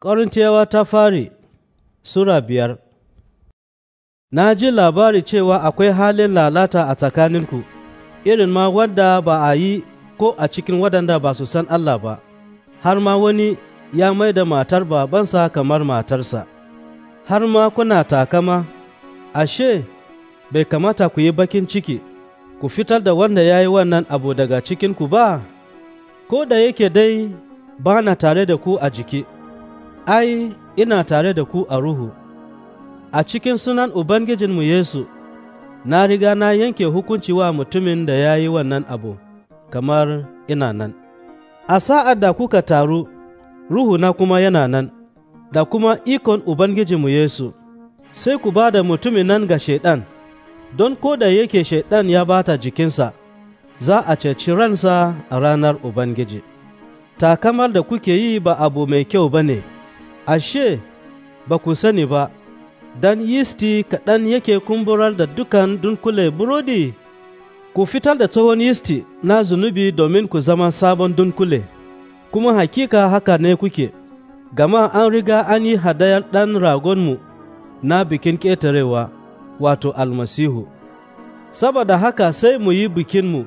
Ƙorintiyawa ta fari Sura biyar Na ji labari cewa akwai halin lalata a tsakaninku, irin ma wadda ba a yi ko a cikin waɗanda ba su san Allah ba, har ma wani ya mai da matar babansa kamar matarsa, har ma kuna takama, ashe, bai kamata ku yi bakin ciki, ku fitar da wanda ya yi wannan abu daga cikinku ba, ko da yake dai ba na tare da ku a jiki. ai, ina tare da ku a ruhu, a cikin sunan Ubangijinmu Yesu, na riga na yanke hukunci wa mutumin da ya yi wannan abu, kamar ina nan. A sa'ad da kuka taru, ruhu na kuma yana nan, da kuma ikon Ubangijinmu Yesu, sai ku ba da mutumin nan ga Shaiɗan, don ko da yake Shaiɗan ya bata jikinsa, za a ceci ransa a ranar Ubangiji. Takamar da kuke yi ba abu mai kyau ba ne. ashe, ba ku sani ba, dan yisti kaɗan yake kumburar da dukan dunkule burodi, ku fitar da tsohon yisti na zunubi domin ku zama sabon dunkule, kuma hakika haka ne kuke, gama an riga an yi hadayar ɗan ragonmu na bikin ƙetarewa, wato almasihu. Saboda haka sai mu yi bikinmu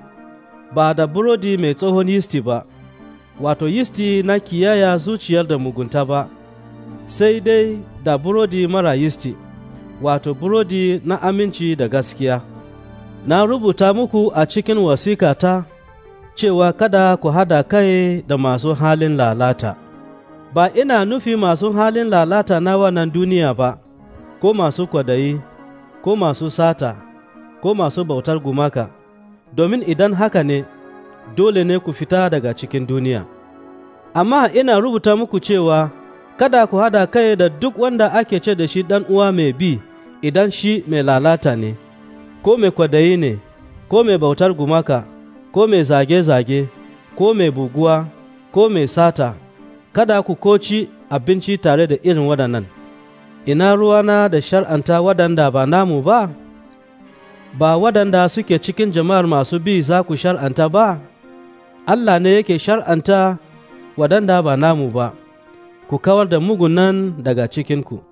ba da burodi mai tsohon yisti ba, wato yisti na kiyaya zuciyar da mugunta ba. sai dai da burodi mara yisti, wato burodi na aminci da gaskiya. Na rubuta muku a cikin wasikata cewa kada ku hada kai da masu halin lalata, ba ina nufi masu halin lalata na wannan duniya ba, ko masu kwadayi, ko masu sata, ko masu bautar gumaka, domin idan haka ne, dole ne ku fita daga cikin duniya. Amma ina rubuta muku cewa kada ku hada kai da duk wanda ake ce da shi ɗan uwa mai bi idan shi mai lalata ne, ko mai kwadayi ne, ko mai bautar gumaka, ko mai zage-zage, ko mai buguwa, ko mai sata, kada ku koci abinci tare da irin waɗannan. Ina ruwana da shar'anta waɗanda ba namu ba? Ba waɗanda suke cikin jama'ar masu bi za ku shar'anta ba? Allah ne yake shar'anta waɗanda ba namu ba. ku kawar da mugunan daga cikinku.